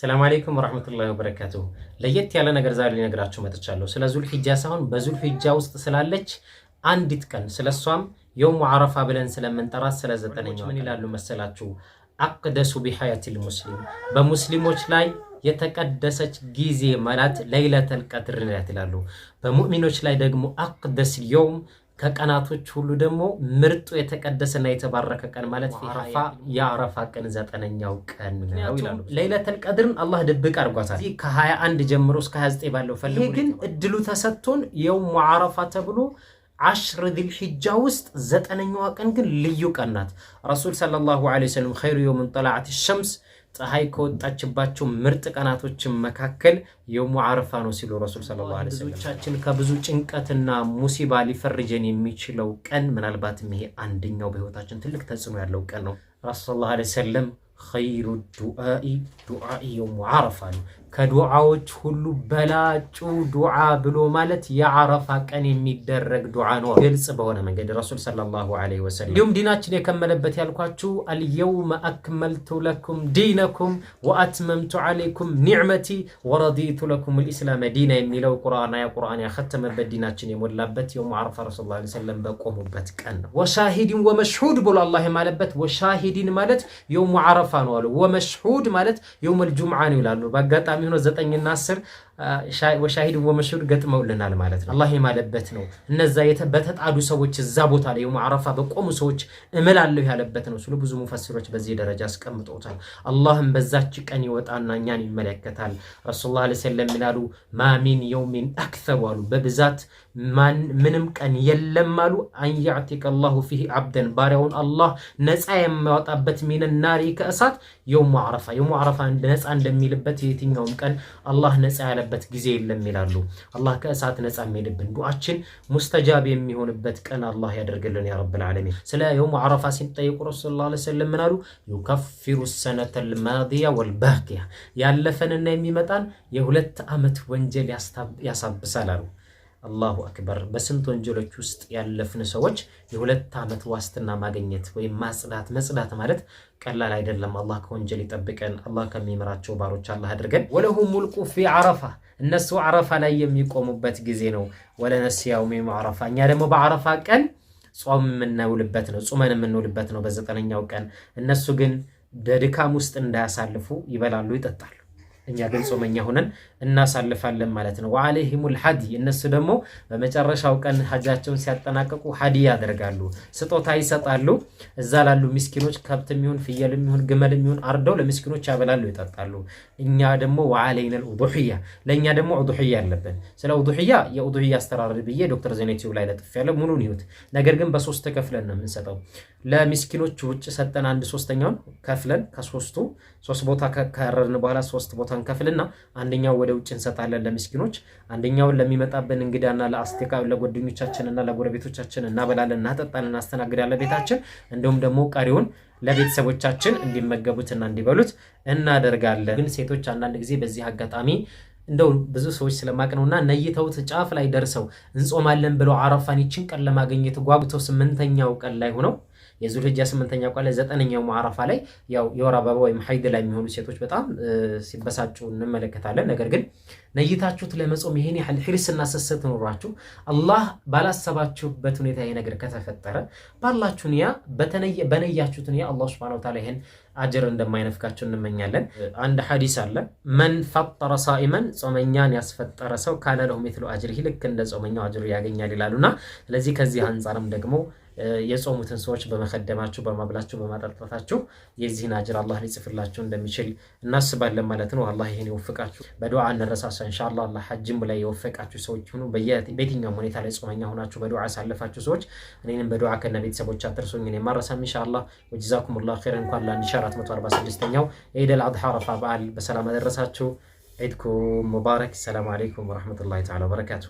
ሰላም አለይኩም ወራህመቱላሂ ወበረካቱሁ። ለየት ያለ ነገር ዛሬ ሊነግራችሁ መጥቻለሁ። ስለ ዙልሂጃ ሳይሆን በዙልሂጃ ውስጥ ስላለች አንዲት ቀን ስለሷም የውሙ ዓረፋ ብለን ስለምንጠራት ስለ ዘጠነኛው ምን ይላሉ መሰላችሁ? አቅደሱ ቢሐያቲል ሙስሊም በሙስሊሞች ላይ የተቀደሰች ጊዜ ማለት ለይለተል ቀድር ናት ይላሉ። በሙእሚኖች ላይ ደግሞ አቅደስ የውም ከቀናቶች ሁሉ ደግሞ ምርጡ የተቀደሰና የተባረከ ቀን ማለት አረፋ የአረፋ ቀን ዘጠነኛው ቀን ነው ለይለተል ቀድርን አላህ ድብቅ አድርጓታል። ከ21 ጀምሮ እስከ 29 ባለው ፈልጉ። ግን እድሉ ተሰጥቶን የውሙ አረፋ ተብሎ አሽር ዚልሒጃ ውስጥ ዘጠነኛዋ ቀን ግን ልዩ ቀን ናት። ረሱል ሰለላሁ ዐለይሂ ወሰለም ኸይሩ የውምን ጠላዓት ሸምስ ፀሐይ ከወጣችባቸው ምርጥ ቀናቶችን መካከል የውሙ አረፋ ነው ሲሉ ረሱል ስለ ብዙዎቻችን ከብዙ ጭንቀትና ሙሲባ ሊፈርጀን የሚችለው ቀን ምናልባትም ይሄ አንደኛው በህይወታችን ትልቅ ተጽዕኖ ያለው ቀን ነው። ረሱል ሰለላሁ ዐለይሂ ሰለም ኸይሩ ዱአኢ ዱአኢ የውሙ ዓረፋ ነው። ከዱዓዎች ሁሉ በላጩ ዱዓ ብሎ ማለት የአረፋ ቀን የሚደረግ ዱዓ ነው፣ ግልጽ በሆነ መንገድ ረሱል ሰለላሁ ዐለይሂ ወሰለም። እንዲሁም ዲናችን የከመለበት ያልኳችሁ አልየውመ አክመልቱ ለኩም ዲነኩም ወአትመምቱ ዐለይኩም ኒዕመቲ ወረዲቱ ለኩም ልኢስላም ዲና የሚለው ቁርአን አያ ያከተመበት ዲናችን የሞላበት የውም ዓረፋ ረሱ ላ ሰለም በቆሙበት ቀን ነው። ወሻሂድን ወመሽሁድ ብሎ አላህ የማለበት ወሻሂድን ማለት የውም ዓረፋ ነው አሉ። ወመሽሁድ ማለት የውም ጁምዓ ነው ይላሉ በአጋጣሚ የሚሆነው ዘጠኝና አስር ወሻሂድ ወመሽሁድ ገጥመውልናል ማለት ነው። አላህ የማለበት ነው። እነዛ በተጣዱ ሰዎች እዛ ቦታ ላይ የውም በቆሙ ሰዎች እምላለሁ ያለበት ነው ስሉ ብዙ ሙፈሲሮች በዚህ ደረጃ አስቀምጦታል። አላህም በዛች ቀን ይወጣና እኛን ይመለከታል። ረሱል ላ ሰለም ይላሉ ማሚን የውሚን አክተሩ አሉ በብዛት ምንም ቀን የለም አሉ አንያዕቲከ አላሁ ፊህ አብደን ባሪያውን አላህ ነፃ የሚያወጣበት ሚን ከእሳት የውም ዓረፋ የውም ዓረፋ ነፃ እንደሚልበት የትኛውም ቀን አላህ ነፃ ያለ የሚሆንበት ጊዜ የለም ይላሉ። አላህ ከእሳት ነፃ የሚሄድብን ዱዓችን ሙስተጃብ የሚሆንበት ቀን አላህ ያደርግልን ያ ረብል ዓለሚን። ስለ የውም ዓረፋ ሲጠየቁ ረሱ ላ ስለም ምናሉ ዩከፊሩ ሰነተ ማዲያ ወልባኪያ ያለፈንና የሚመጣን የሁለት ዓመት ወንጀል ያሳብሳል አሉ። አላሁ አክበር። በስንት ወንጀሎች ውስጥ ያለፍን ሰዎች የሁለት ዓመት ዋስትና ማግኘት ወይም ማጽዳት መጽዳት ማለት ቀላል አይደለም። አላህ ከወንጀል ይጠብቀን። አላህ ከሚምራቸው ባሮች አላህ አድርገን። ወለሁ ሙልቁ ፊ ዓረፋ፣ እነሱ ዓረፋ ላይ የሚቆሙበት ጊዜ ነው። ወለነስ ያውሚም ዓረፋ፣ እኛ ደግሞ በዓረፋ ቀን ጾም የምንውልበት ነው፣ ጾመን የምንውልበት ነው በዘጠነኛው ቀን። እነሱ ግን በድካም ውስጥ እንዳያሳልፉ ይበላሉ፣ ይጠጣሉ። እኛ ግን ጾመኛ ሆነን እናሳልፋለን ማለት ነው። ወአለይሂሙል ሀዲ እነሱ ደግሞ በመጨረሻው ቀን ሀጃቸውን ሲያጠናቀቁ ሀዲ ያደርጋሉ፣ ስጦታ ይሰጣሉ። እዛ ላሉ ሚስኪኖች ከብት የሚሆን ፍየል የሚሆን ግመልም የሚሆን አርደው ለሚስኪኖች ያበላሉ፣ ይጠጣሉ። እኛ ደግሞ ወአለይነል ኡዱሕያ ለእኛ ደግሞ ኡዱሕያ አለብን። ስለ ኡዱሕያ የኡዱሕያ አስተራረድ ብዬ ዶክተር ዜና ላይ ለጥፍ ያለ ሙሉን ይሁት። ነገር ግን በሶስት ከፍለን ነው የምንሰጠው። ለሚስኪኖች ውጭ ሰጠን አንድ ሶስተኛውን ከፍለን ከሶስቱ ሶስት ቦታ ከረርን በኋላ ሶስት ቦታ እንከፍልና አንደኛው ወደ ውጭ እንሰጣለን ለምስኪኖች፣ አንደኛውን ለሚመጣብን እንግዳና ለአስቴካ ለጓደኞቻችንና ለጎረቤቶቻችን እናበላለን፣ እናጠጣለን፣ እናስተናግዳለን ቤታችን። እንዲሁም ደግሞ ቀሪውን ለቤተሰቦቻችን እንዲመገቡትና እንዲበሉት እናደርጋለን። ግን ሴቶች አንዳንድ ጊዜ በዚህ አጋጣሚ እንደው ብዙ ሰዎች ስለማቅ ነውና ነይተውት ጫፍ ላይ ደርሰው እንጾማለን ብለው አረፋን ይችን ቀን ለማግኘት ጓጉተው ስምንተኛው ቀን ላይ ሆነው የዙልህጃ ስምንተኛ ቋለ ዘጠነኛው ማዕረፋ ላይ ያው የወር አበባ ወይም ሀይድ ላይ የሚሆኑ ሴቶች በጣም ሲበሳጩ እንመለከታለን። ነገር ግን ነይታችሁት ለመጾም ይሄን ያህል ሂርስና ስስት ኑሯችሁ አላህ ባላሰባችሁበት ሁኔታ ይሄ ነገር ከተፈጠረ ባላችሁ ንያ በነያችሁት ንያ አላህ ሱብሓነሁ ወተዓላ ይሄን አጅር እንደማይነፍጋቸው እንመኛለን። አንድ ሐዲስ አለ። መን ፈጠረ ሳኢመን ጾመኛን ያስፈጠረ ሰው ካለ ለሁ ሚስሉ አጅሪሂ ልክ እንደ ጾመኛው አጅር ያገኛል ይላሉና ስለዚህ ከዚህ አንጻርም ደግሞ የጾሙትን ሰዎች በመከደማችሁ በማብላችሁ በማጠጣታችሁ የዚህን አጅር አላህ ሊጽፍላችሁ እንደሚችል እናስባለን ማለት ነው። አላህ ይህን ይወፍቃችሁ። በዱዓ እንረሳሳ እንሻላ። አላህ ሐጅም ላይ የወፈቃችሁ ሰዎች ሁኑ። በየትኛውም ሁኔታ ላይ ጾመኛ ሆናችሁ በዱዓ ያሳለፋችሁ ሰዎች እኔንም በዱዓ ከነ ቤተሰቦች አትርሱኝ። እኔ ማረሳም እንሻላ። ወጀዛኩሙላሁ ኸይር። እንኳን ለ1446ኛው ዒድ አልአድሓ አረፋ በዓል በሰላም አደረሳችሁ። ዒድኩም ሙባረክ። ሰላም አለይኩም ወረሕመቱላሂ ተዓላ ወበረካቱ።